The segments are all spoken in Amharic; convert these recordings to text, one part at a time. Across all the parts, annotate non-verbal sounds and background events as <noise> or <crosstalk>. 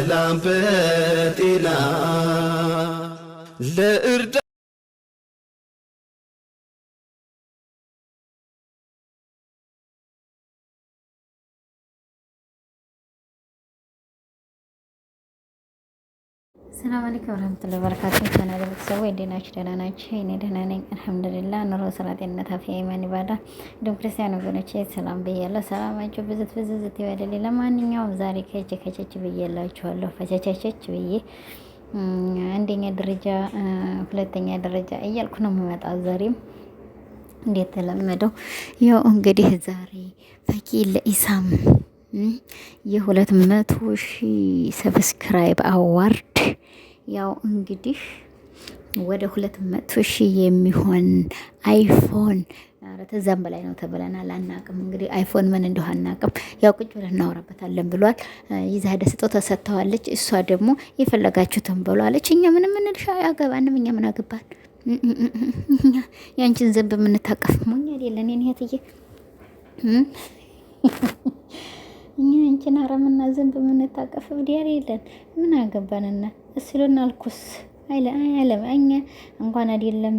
በሰላም በጤና ለእርዳ ሰላም አለይኩም ወራህመቱላሂ ወበረካቱህ። ቻናል ቤተሰቡ እንዴት ናችሁ? ደህና ናችሁ? እኔ ደህና ነኝ አልሐምዱሊላህ። ኑሮ ስራ፣ ጤንነት፣ አፍያ፣ ኢማን፣ ኢባዳ እንዲሁም ክርስቲያን ወገኖቼ ሰላም ብያለሁ። ሰላማችሁ ብዝት ብዝዝት ይበልል። ለማንኛውም ዛሬ ከቼ ከቸች ብዬላችኋለሁ። ፈቸቸች ብዬ አንደኛ ደረጃ ሁለተኛ ደረጃ እያልኩ ነው የምመጣ ዛሬም እንደተለመደው ያው እንግዲህ ዛሬ ፈኪ ለኢሳም የሁለት መቶ ሺህ ሰብስክራይብ አዋርድ ያው እንግዲህ ወደ ሁለት መቶ ሺህ የሚሆን አይፎን ተዛም በላይ ነው ተብለናል። አናቅም እንግዲህ አይፎን ምን እንደሆነ አናቅም። ያው ቁጭ ብለን እናወራበታለን ብሏል። ይዛ ስጦታ ሰጥተዋለች። እሷ ደግሞ የፈለጋችሁትን ብሏለች። እኛ ምንም እንልሻ አያገባንም። እኛ ምን አገባን? ያንቺን ዘንብ የምንታቀፍ ሞኛ ሌለን እህትዬ እኛ እንቺን አረምና ዝንብ የምንታቀፍ ብዲያር የለን ምን አገባንና እስሉን አልኩስ አይለ አይለም እኛ እንኳን አይደለም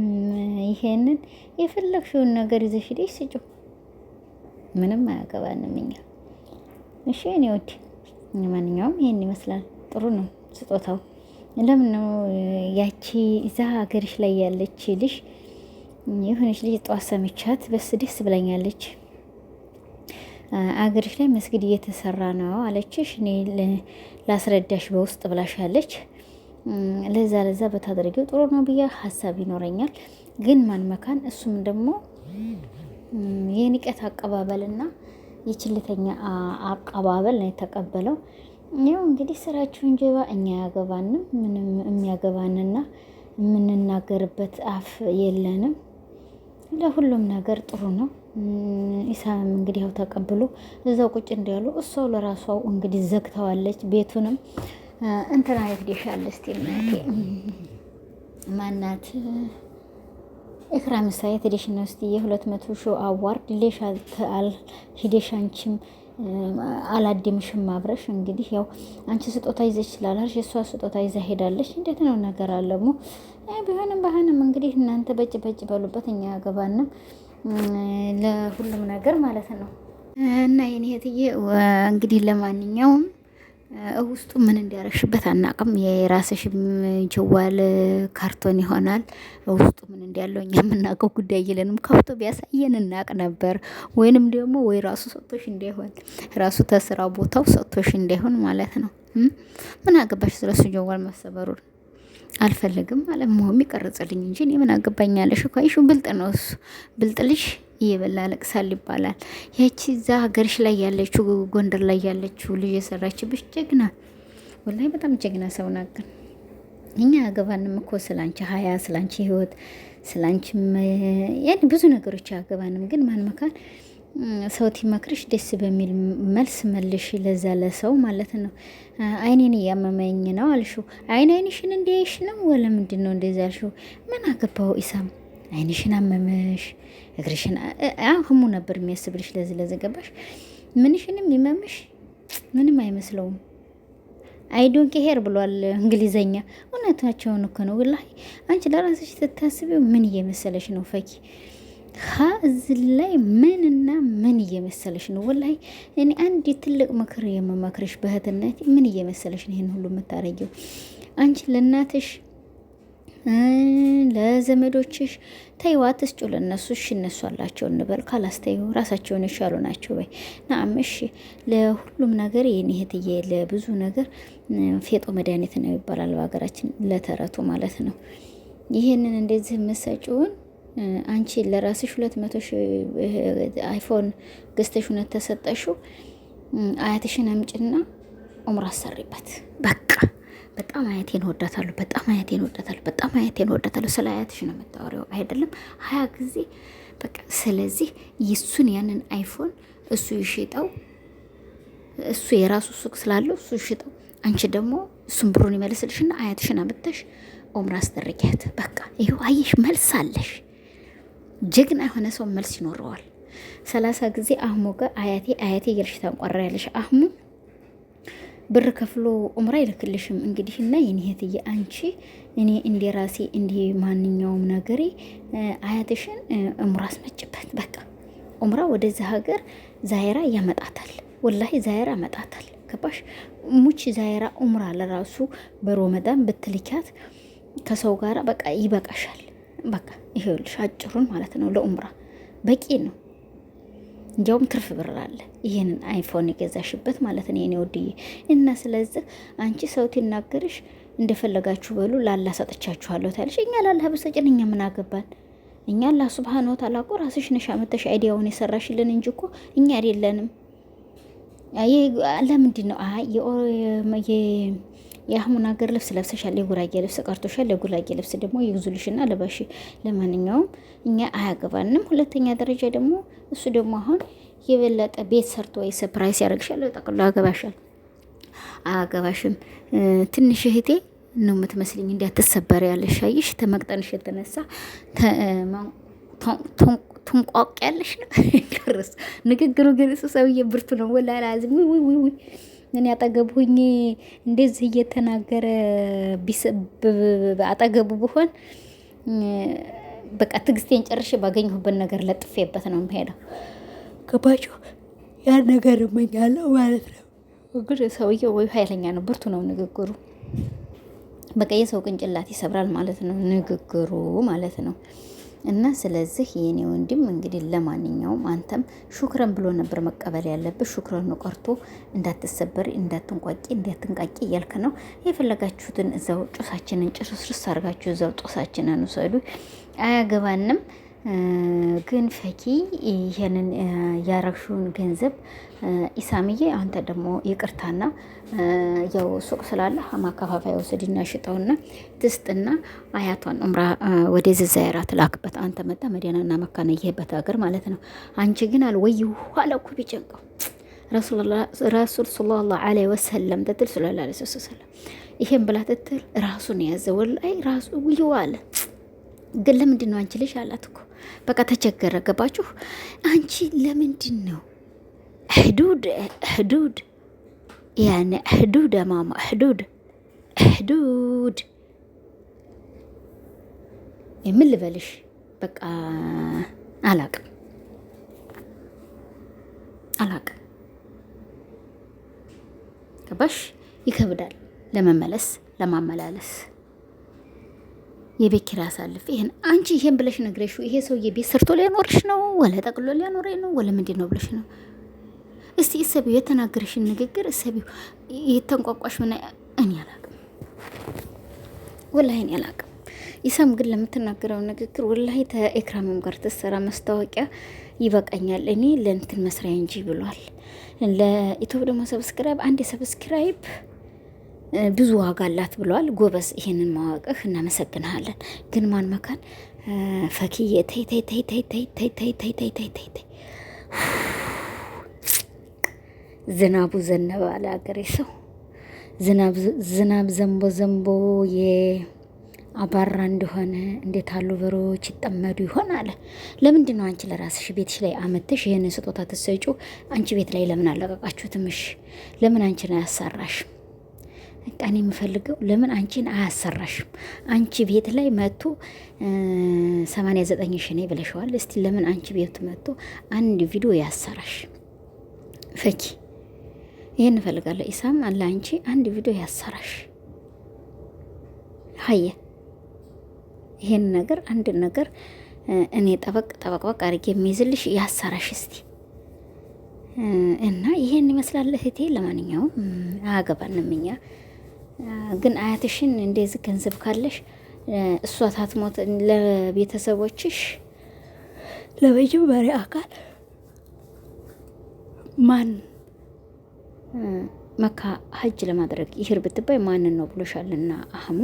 ይሄንን የፈለግሽውን ነገር ይዘሽ ሄደሽ ስጪው። ምንም አያገባንም እኛ። እሺ እኔ ወዲ ማንኛውም ይሄን ይመስላል። ጥሩ ነው ስጦታው። ለምን ነው ያቺ እዛ ሀገርሽ ላይ ያለች ልጅ የሆነች ልጅ ጠዋት ሰምቻት በስ ደስ ብላኛለች። አገርሽ ላይ መስጊድ እየተሰራ ነው አለችሽ። እኔ ላስረዳሽ በውስጥ ብላሻለች። ለዛ ለዛ በታደረጊው ጥሩ ነው ብዬ ሀሳብ ይኖረኛል። ግን ማን መካን እሱም ደግሞ የንቀት አቀባበልና የችልተኛ አቀባበል ነው የተቀበለው። ያው እንግዲህ ስራችሁን ጀባ እኛ ያገባንም ምንም የሚያገባንና የምንናገርበት አፍ የለንም። ለሁሉም ነገር ጥሩ ነው። ኢሳም እንግዲህ ያው ተቀብሎ እዛው ቁጭ እንዳሉ እሷው ለራሷው እንግዲህ ዘግተዋለች። ቤቱንም እንትና ይግዴሻል እስቲ እናቴ ማናት ኤክራም ሳይት ሄደሽና ውስጥ የሁለት መቶ ሺህ አዋርድ ሌሻ ተአል ሂደሽ አንቺም አላደምሽም አብረሽ እንግዲህ ያው አንቺ ስጦታ ይዘ ስላልሽ እሷ ስጦታ ይዛ ሄዳለች። እንዴት ነው ነገር አለሙ ቢሆንም ባህንም እንግዲህ እናንተ በጭ በጭ በሉበት እኛ ገባንም ለሁሉም ነገር ማለት ነው። እና የኔ እህትዬ እንግዲህ ለማንኛውም ውስጡ ምን እንዲያረግሽበት አናቅም። የራስሽ ጀዋል ካርቶን ይሆናል። ውስጡ ምን እንዲያለው እኛ የምናውቀው ጉዳይ የለንም። ከፍቶ ቢያሳየን እናቅ ነበር። ወይንም ደግሞ ወይ ራሱ ሰጥቶሽ እንዳይሆን ራሱ ተስራ ቦታው ሰጥቶሽ እንዳይሆን ማለት ነው። ምን አገባሽ ስለሱ ጀዋል መሰበሩን አልፈልግም አለ መሆም ይቀርጽልኝ እንጂ እኔ ምን አገባኛለሽ እኮ አይሹ ብልጥ ነው እሱ ብልጥ ልጅ እየበላ ለቅሳል ይባላል። ያቺ እዛ ሀገርሽ ላይ ያለችው ጎንደር ላይ ያለችው ልጅ የሰራችብሽ ጀግና፣ ወላሂ በጣም ጀግና ሰው ናት። ግን እኛ አገባንም እኮ ስላንቺ ሀያ ስላንቺ ህይወት ስላንቺ ብዙ ነገሮች አገባንም። ግን ማን መካን ሰውቲ መክርሽ ደስ በሚል መልስ መልሽ፣ ለዛ ለሰው ማለት ነው። አይኔን እያመመኝ ነው አልሽው። አይን አይንሽን እንዲያይሽ ነው ወለ ምንድን ነው እንደዚ አልሽው? ምን አገባው ኢሳም አይንሽን አመመሽ፣ እግርሽን ህሙ ነበር የሚያስብልሽ። ለዚህ ለዘገባሽ ምንሽንም ይመምሽ ምንም አይመስለውም። አይዶንት ሄር ብሏል እንግሊዘኛ። እውነታቸውን እኮ ነው። ወላሂ አንቺ ለራስሽ ስታስቢው ምን እየመሰለሽ ነው ፈኪ ሀ እዚህ ላይ ምንና ምን እየመሰለሽ ነው? ወላይ እኔ አንድ ትልቅ ምክር የምመክርሽ በህትነት ምን እየመሰለሽ ነው ይህን ሁሉ የምታረጊው? አንቺ ለእናትሽ ለዘመዶችሽ ተይዋ፣ አትስጩ ለነሱ እሺ እነሱ አላቸው እንበል፣ ካላስተዩ ራሳቸውን የቻሉ ናቸው ወይ ናም እሺ፣ ለሁሉም ነገር የኔ እህትዬ፣ ለብዙ ነገር ፌጦ መድኃኒት ነው ይባላል በሀገራችን፣ ለተረቱ ማለት ነው። ይህንን እንደዚህ የምሰጪውን አንቺ ለራስሽ ሁለት መቶ አይፎን ገዝተሽ ሁነት ተሰጠሽው አያትሽን አምጭና ኡምራ አሰሪበት። በቃ በጣም አያቴን ወዳታለሁ፣ በጣም አያቴን ወዳታለሁ፣ በጣም አያቴን ወዳታለሁ። ስለ አያትሽ ነው የምታወሪው አይደለም ሀያ ጊዜ በቃ። ስለዚህ ይሱን ያንን አይፎን እሱ ይሽጠው፣ እሱ የራሱ ሱቅ ስላለው እሱ ይሽጠው። አንቺ ደግሞ እሱን ብሩን ይመልስልሽና አያትሽን አምጥተሽ ኡምራ አስደርጊያት። በቃ ይኸው አየሽ፣ መልስ አለሽ። ጀግና የሆነ ሰው መልስ ይኖረዋል። ሰላሳ ጊዜ አህሙ ጋር አያቴ አያቴ እያልሽ ታንቋራ ያለሽ አህሙ ብር ከፍሎ ኡምራ አይልክልሽም። እንግዲህ እና የኒህትዬ አንቺ እኔ እንዲ ራሴ እንዲ ማንኛውም ነገሬ አያትሽን ኡምራ አስመጭበት። በቃ ኡምራ ወደዚ ሀገር ዛይራ ያመጣታል። ወላሂ ዛይራ ያመጣታል። ገባሽ? ሙች ዛይራ ኡምራ ለራሱ በሮመዳን ብትልኪያት ከሰው ጋር በቃ ይበቃሻል። በቃ ይሄውልሽ አጭሩን ማለት ነው ለኡምራ በቂ ነው። እንዲያውም ትርፍ ብር አለ ይህንን አይፎን የገዛሽበት ማለት ነው የኔ ውድዬ። እና ስለዚህ አንቺ ሰው ትናገርሽ እንደፈለጋችሁ በሉ ላላ ሰጥቻችኋለሁ ታለሽ። እኛ ላላ ብሰጭን እኛ ምን አገባን? እኛ ላ ሱብሃነ ወተዓላ እኮ ራስሽ ነሽ አመተሽ አይዲያውን የሰራሽልን እንጂ እኮ እኛ አይደለንም። ለምንድን ነው የአህሙን ሀገር ልብስ ለብሰሻል፣ የጉራጌ ልብስ ቀርቶሻል። የጉራጌ ልብስ ደግሞ ይግዙልሽና ለባሽ። ለማንኛውም እኛ አያገባንም። ሁለተኛ ደረጃ ደግሞ እሱ ደግሞ አሁን የበለጠ ቤት ሰርቶ ወይ ሰፕራይስ ያደርግሻል፣ ጠቅሎ አገባሻል፣ አያገባሽም። ትንሽ እህቴ ነው የምትመስልኝ፣ እንዲያትሰበር ያለሽ አይሽ ተመቅጠንሽ የተነሳ ትንቋቅ ያለሽ ነው። <laughs> ንግግሩ ግን እሱ ሰውዬ ብርቱ ነው። ወላላዝ ውይ ውይ ውይ እኔ አጠገቡ ሁኜ እንደዚህ እየተናገረ አጠገቡ ብሆን በቃ ትግስቴን ጨርሼ ባገኘሁበት ነገር ለጥፌበት ነው የምሄደው። ገባችሁ? ያን ነገር እመኛለሁ ማለት ነው። እንግዲህ ሰውዬው ወይ ኃይለኛ ነው፣ ብርቱ ነው ንግግሩ። በቃ የሰው ቅንጭላት ይሰብራል ማለት ነው ንግግሩ ማለት ነው። እና ስለዚህ የኔ ወንድም እንግዲህ ለማንኛውም አንተም ሹክረን ብሎ ነበር መቀበል ያለብህ። ሹክረኑ ቀርቶ እንዳትሰበር፣ እንዳትንቋቂ፣ እንዳትንቃቂ እያልክ ነው። የፈለጋችሁትን እዛው ጮሳችንን ጭርስርስ አርጋችሁ እዛው ጮሳችንን ውሰዱ፣ አያገባንም። ግን ፈኪ ይሄንን ያረግሽውን ገንዘብ ኢሳምዬ አንተ ደግሞ ይቅርታና ያው ሱቅ ስላለ ማከፋፈያ ውሰድና ሽጠውና ትስጥና አያቷን ኡምራ ወደ ዘዛይራ ትላክበት። አንተ መጣ መዲናና መካና ይሄበት ሀገር ማለት ነው። አንቺ ግን አልወይ ኋላኩ ቢጨንቀው ረሱል ሰለላሁ ዐለይሂ ወሰለም ትትል ስለላ ሰለም ይሄን ብላ ትትል ራሱን ያዘ ወላይ ራሱ ውይዋ አለ ግን ለምንድን ነው አንቺ ልጅ አላት እኮ በቃ ተቸገረ። ገባችሁ? አንቺ ለምንድን ነው ሕዱድ ሕዱድ ያን ሕዱድ ማማ ሕዱድ ሕዱድ የምን ልበልሽ? በቃ አላቅም አላቅም። ገባሽ? ይከብዳል ለመመለስ ለማመላለስ የቤት ኪራይ አሳልፍ ይሄን አንቺ ይሄን ብለሽ ነግረሽ ይሄ ሰው የቤት ሰርቶ ሊያኖርሽ ነው ወለ ጠቅሎ ሊያኖረ ነው ወለ ምንድን ነው ብለሽ ነው? እስቲ እሰቢው የተናገረሽን ንግግር እሰቢው የተንቋቋሽ ምን እኔ አላቅም፣ ወላሂ እኔ አላቅም። ይሳም ግን ለምትናገረው ንግግር ወላሂ ተኤክራምም ጋር ትሰራ ማስታወቂያ ይበቃኛል እኔ ለእንትን መስሪያ እንጂ ብሏል። ለኢትዮ ደግሞ ሰብስክራይብ አንድ የሰብስክራይብ ብዙ ዋጋ አላት ብለዋል። ጎበዝ፣ ይህንን ማወቅህ እናመሰግንሃለን። ግን ማን መካን ፈኪዬ ተይ ተይ ተይ ተይ ተይ ተይ ተይ ተይ ተይ ተይ ተይ ተይ ዝናቡ ዘነበ አለ አገሬ ሰው። ዝናብ ዘንቦ ዘንቦ የአባራ እንደሆነ እንዴት አሉ በሮች ይጠመዱ ይሆን አለ። ለምንድን ነው አንቺ ለራስሽ ቤትሽ ላይ አመተሽ ይህንን ስጦታ ትሰጩ? አንቺ ቤት ላይ ለምን አለቀቃችሁ? ትምሽ ለምን አንቺን አያሰራሽ? እኔ የምፈልገው ለምን አንቺን አያሰራሽም? አንቺ ቤት ላይ መጥቶ ሰማንያ ዘጠኝ ሽኔ ነይ ብለሽዋል። እስቲ ለምን አንቺ ቤት መጥቶ አንድ ቪዲዮ ያሰራሽ ፈኪ? ይህን እፈልጋለሁ። ኢሳም አለ አንቺ አንድ ቪዲዮ ያሰራሽ ሀየ ይህን ነገር አንድ ነገር እኔ ጠበቅ ጠበቅበቅ አድርጌ የሚይዝልሽ ያሰራሽ እስቲ እና ይሄን ይመስላል እህቴ። ለማንኛውም አያገባንም እኛ ግን አያትሽን እንደዚህ ገንዘብ ካለሽ እሷ ታትሞት ለቤተሰቦችሽ ለመጀመሪያ አካል ማን መካ ሀጅ ለማድረግ ይሄር ብትባይ ማንን ነው ብሎሻልና አህሙ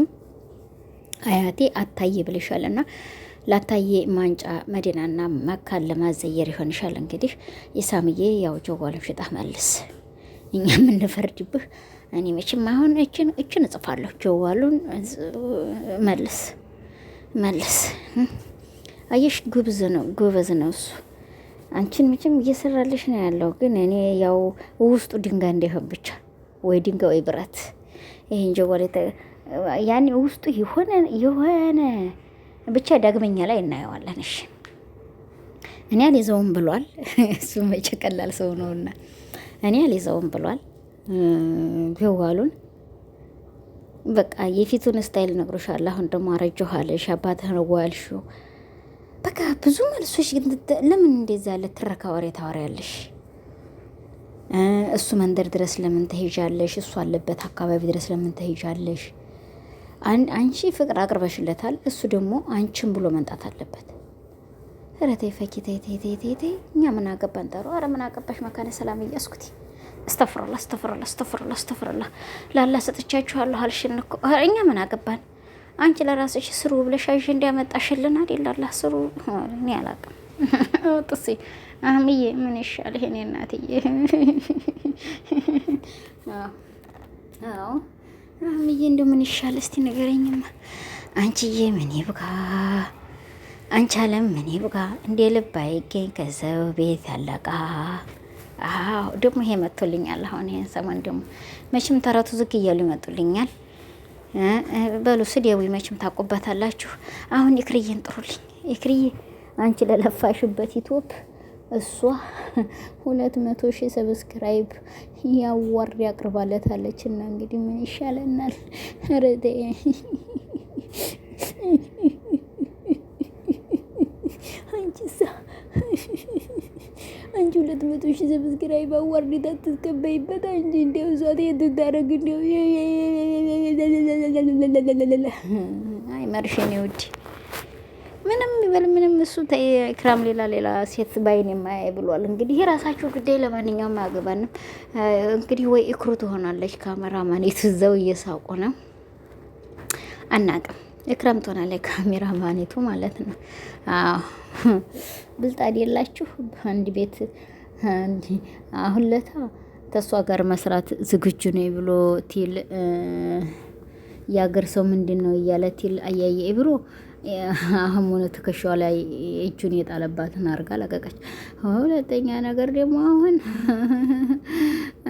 አያቴ አታየ ብለሻልና ላታየ ማንጫ መዲናና መካን ለማዘየር ይሆንሻል። እንግዲህ የሳምዬ ያው ጀዋልም ሽጣ መልስ እኛ የምንፈርድብህ እኔ መቼም አሁን እችን እችን እጽፋለሁ። ጀዋሉን መልስ መልስ። አየሽ ጉብዝ ነው ጎበዝ ነው እሱ። አንቺን መቼም እየሰራልሽ ነው ያለው። ግን እኔ ያው ውስጡ ድንጋይ እንዳይሆን ብቻ ወይ ድንጋይ ወይ ብረት። ይሄን ጀዋል ያኔ ውስጡ የሆነ የሆነ ብቻ ዳግመኛ ላይ እናየዋለን። እሺ እኔ አልይዘውም ብሏል። <laughs> እሱ መቼ ቀላል ሰው ነውና እኔ አልይዘውም ብሏል። ቢዋሉን በቃ የፊቱን ስታይል ነግሮሻል። አሁን ደግሞ አረጀኋለሽ አባትህን ዋልሽው። በቃ ብዙ መልሶች። ግን ለምን እንደዛ ያለ ትረካ ወሬ ታወሪያለሽ? እሱ መንደር ድረስ ለምን ትሄጃለሽ? እሱ አለበት አካባቢ ድረስ ለምን ትሄጃለሽ? አንቺ ፍቅር አቅርበሽለታል፣ እሱ ደግሞ አንቺን ብሎ መንጣት አለበት። ኧረ ፈኪ ተይ ተይ ተይ ተይ። እኛ ምን አገባን? ጠሩ አረ ምን አገባሽ መካነ ሰላም እያስኩት እስተፍርላ እስተፍርላ እስተፍርላ እስተፍርላ ላላ ሰጥቻችኋለሁ አልሽን እኮ እኛ ምን አገባን? አንቺ ለራስሽ ስሩ ብለሽ አጀንዳ ያመጣሽልን አይደል? ላላ ስሩ እኔ አላቅም። ጥሴ አህምዬ ምን ይሻል? ይሄኔ እናትዬ አህምዬ እንደ ምን ይሻል እስቲ ንገረኝማ። አንቺዬ ምን ይብቃ አንቺ አለም ምን ይብቃ። እንደ ልብ አይገኝ ከሰው ቤት ያለቃ አዎ ደግሞ ይሄ መጥቶልኛል። አሁን ይሄን ሰሞን ደግሞ መቼም ተረቱ ዝግ እያሉ ይመጡልኛል። በሉ ስደዊ መቼም ታውቁበታላችሁ። አሁን ኢክርዬን ጥሩልኝ። ኢክርዬ አንቺ ለለፋሽበት ኢትዮፕ እሷ ሁለት መቶ ሺህ ሰብስክራይብ ያዋር ያቅርባለታለች እና እንግዲህ ምን ይሻለናል? ረዴ አንቺ ሁለት መቶ ሺህ ሰብስክራይብ አዋርድ ታትስከበይበት አንቺ እንዲያው እሷ ትታረግ እንዲያው አይ መርሽኔ ውድ ምንም ይበል ምንም እሱ ክራም ሌላ ሌላ ሴት ባይን የማያይ ብሏል። እንግዲህ የራሳቸው ጉዳይ፣ ለማንኛውም አያገባንም። እንግዲህ ወይ እክሩ ትሆናለች ካሜራማን የትዛው እየሳቁ ነው አናቅም እክረም ካሜራ ማኔቱ ማለት ነው። <laughs> ብልጣድ የላችሁ አይደላችሁ። በአንድ ቤት አሁን ለታ ተሷ ጋር መስራት ዝግጁ ነው ብሎ ቲል ያገር ሰው ምንድን ነው እያለ ቲል አያየ ብሎ አሁን ሆነ ትከሻዋ ላይ እጁን የጣለባትን አርጋ ለቀቀች። ሁለተኛ ነገር ደግሞ አሁን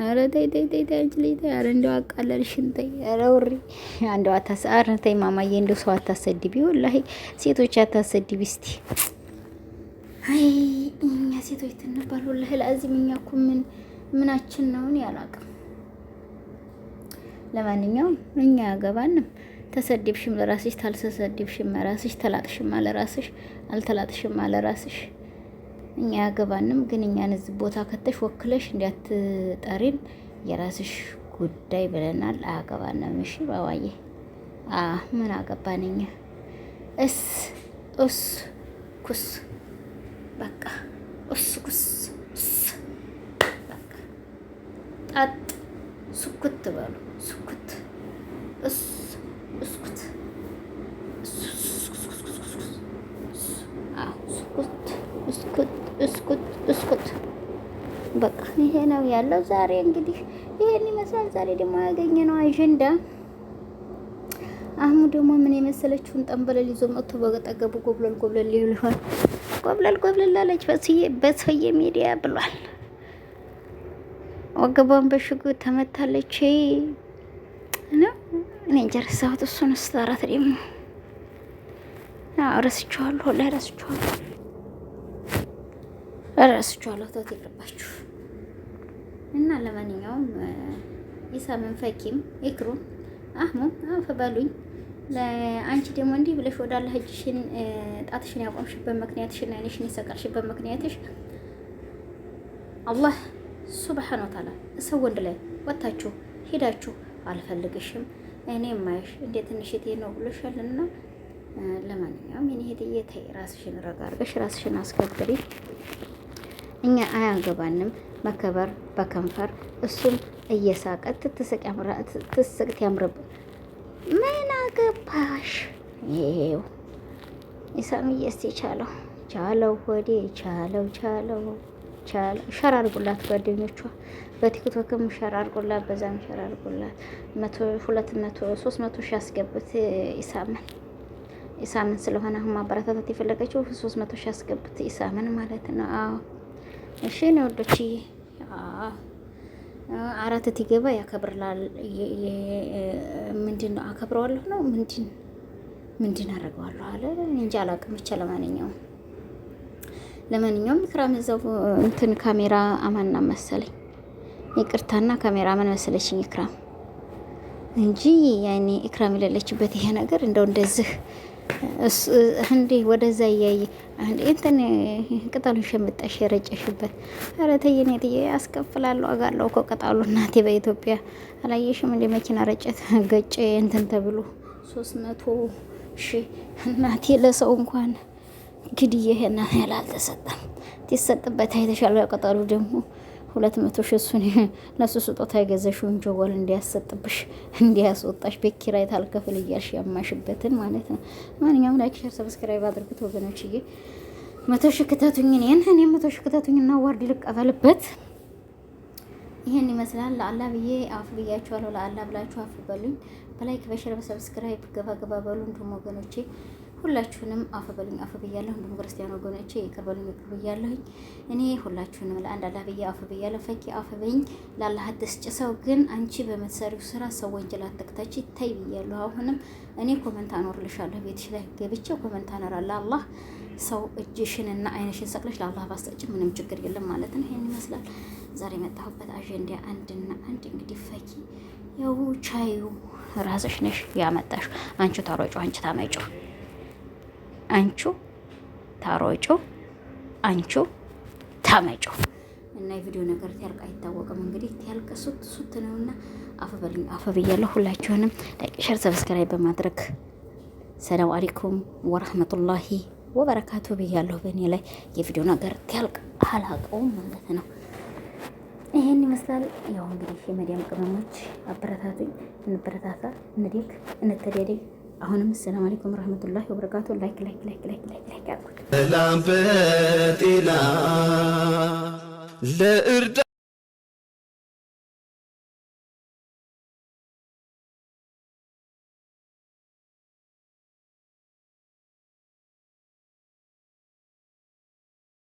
ኧረ ተይ ተይ ተይ ተይ አንቺ ልጅ ተይ፣ ኧረ እንደው አቃለልሽን ተይ፣ ኧረ ውሪ እንደው አታስአር ተይ ማማዬ፣ እንደው ሰው አታሰድቢ፣ ወላሂ ሴቶች አታሰድቢ እስቲ። አይ እኛ ሴቶች ትንባል ወላሂ ለአዚም እኛ እኮ ምን ምናችን ነውን እኔ አላውቅም። ለማንኛውም እኛ ያገባንም ተሰደብሽም ለራስሽ ታልተሰደብሽም ለራስሽ ተላጥሽም አለራስሽ አልተላጥሽም አለራስሽ። እኛ ያገባንም ግን እኛን እዚህ ቦታ ከተሽ ወክለሽ እንዳትጠሪን የራስሽ ጉዳይ ብለናል። አያገባንም። እሺ ባባዬ አ ምን አገባን እኛ እስ እስ ኩስ በቃ እስ ኩስ እስ በቃ ጣጥ ስኩት በሉ ስኩት እስ እስኩት እስኩት እስኩት በቃ ይሄ ነው ያለው። ዛሬ እንግዲህ ይሄን ይመስላል። ዛሬ ደግሞ ያገኘ ነው አጀንዳ አህሙ ደግሞ ምን የመሰለችውን ጠንበለል ይዞ መጥቶ በጠገቡ ጎብለል ጎብለል ይልሆን ጎብለል ጎብለል አለች በሰውዬ ሚዲያ ብሏል። ወገቧን በሽጉ ተመታለች። እኔ እንጃ ረሳሁት። እሱን እስከ ደግሞ ረስቼዋለሁ፣ ላይ ረስቼዋለሁ፣ ረስቼዋለሁ። ተውት ይቅርባችሁ እና ለማንኛውም ኢሳምን ፈኪም ይክሩም አህሙም አፈ በሉኝ። አንቺ ደግሞ እንዲህ ብለሽ ወደ አላህ እጅሽን ጣትሽን ያቆምሽበት ምክንያትሽን አይንሽን የሰቀልሽበት ምክንያትሽ አላህ ሱብሓነሁ ወተዓላ እሰው ወንድ ላይ ወጥታችሁ ሄዳችሁ አልፈልግሽም እኔ ማይሽ እንደ ትንሽቴ ነው ብሎሻልና ለማንኛውም እኔ ሄድዬ ተይ ራስሽን ረጋ አድርገሽ ራስሽን አስከብሪ። እኛ አያገባንም መከበር በከንፈር እሱም እየሳቀ ትስቅ ያምርብ። ምን አገባሽ? ይሄው ኢሳምዬስ የቻለው ቻለው ሆዴ ቻለው ቻለው ይቻላል። ሸር አድርጉላት ጓደኞቿ፣ በቲክቶክም ሸር አድርጉላት፣ በዛም ሸር አድርጉላት። መቶ ሁለት መቶ ሶስት መቶ ሺ አስገቡት። ኢሳምን ኢሳምን ስለሆነ አሁን ማበረታታት የፈለገችው ሶስት መቶ ሺህ አስገቡት። ኢሳምን ማለት ነው። አዎ እሺ ነው ወዶች አራት ትገባ ያከብርላል። ምንድን ነው አከብረዋለሁ ነው ምንድን ምንድን አደርገዋለሁ አለ እንጂ አላቅም። ብቻ ለማንኛውም ለማንኛውም ኢክራም እዛው እንትን ካሜራ አማና መሰለኝ ይቅርታና ካሜራ ማን መሰለሽኝ ኢክራም እንጂ ያኔ ኢክራም የሌለችበት ይሄ ነገር እንደው እንደዚህ እንዲህ ወደዛ እያየ እንትን ቅጠሉን ሸምጠሽ የረጨሽበት ኧረ ተይ እኔ ጥዬ አስከፍላለሁ አጋለሁ እኮ ቅጠሉ እናቴ በኢትዮጵያ አላየሽም እንደ መኪና ረጨት ገጨ እንትን ተብሎ ሶስት መቶ ሺህ እናቴ ለሰው እንኳን እንግዲህ ይሄን ያህል አልተሰጠም። ትሰጥበት አይተሻል። ቀጠሉ ደግሞ ሁለት መቶ ሺህ እሱን ለሱ ስጦታ የገዘሽውን ጀወል እንዲያሰጥብሽ እንዲያስወጣሽ በኪራይ ታልከፍል እያልሽ ያማሽበትን ማለት ነው። ማንኛውም ላይክ፣ ሸር፣ ሰብስክራይብ አድርጉት ወገኖች። እዬ መቶ ሺህ ክተቱኝ እኔን እኔ መቶ ሺህ ክተቱኝ እና ዋርድ ልቀበልበት። ይህን ይመስላል። ለአላ ብዬ አፍ ብያችኋለሁ። ለአላ ብላችሁ አፍ በሉኝ። በላይክ በሸር በሰብስክራይብ ገባ ገባ በሉ። እንዲሁም ወገኖቼ ሁላችሁንም አፈበሉኝ አፈብያለሁ። እንዲሁም ክርስቲያን ወገኖቼ ይቅርበሉኝ ይቅርብያለሁኝ። እኔ ሁላችሁንም ለአንድ አላህ ብዬ አፈብያለሁ። ፈኪ አፈበኝ ለአላህ አትስጭ። ሰው ግን አንቺ በምትሰሪው ስራ ሰው ወንጀል አትክተች ታይ ብያለሁ። አሁንም እኔ ኮመንት አኖርልሻለሁ። ቤትሽ ላይ ገብቼ ኮመንት አኖራለሁ። አላህ ሰው እጅሽንና አይነሽን ሰቅለሽ ለአላህ ባስጠጭ ምንም ችግር የለም ማለት ነው። ይህን ይመስላል ዛሬ የመጣሁበት አጀንዳ አንድና አንድ እንግዲህ ፈኪ ያው ቻዩ ራስሽ ነሽ ያመጣሽ አንቺ ታሯጩ አንቺ ታመጩ አንቹ ታሮጩ አንቹ ታመጩ እና የቪዲዮ ነገር ሲያልቅ አይታወቅም። እንግዲህ ሲያልቅ ሱት ሱት ነውና አፈበልኝ አፈብያለሁ። ሁላችሁንም ላይክ፣ ሸር፣ ሰብስክራይብ በማድረግ ሰላም አለይኩም ወራህመቱላሂ ወበረካቱ ብያለሁ። በእኔ ላይ የቪዲዮ ነገር ሲያልቅ አላቀውም ማለት ነው። ይሄን ይመስላል። ያው እንግዲህ የመዲያም ቅመሞች አበረታቱኝ፣ እንበረታታ፣ እንዲክ፣ እንተደደግ አሁንም ሰላም አለይኩም ረህመቱላሂ ወበረካቱ። ላይክ ላይክ ላይክ ላይክ ላይክ ላይክ ሰላም በጤና ለእርዳ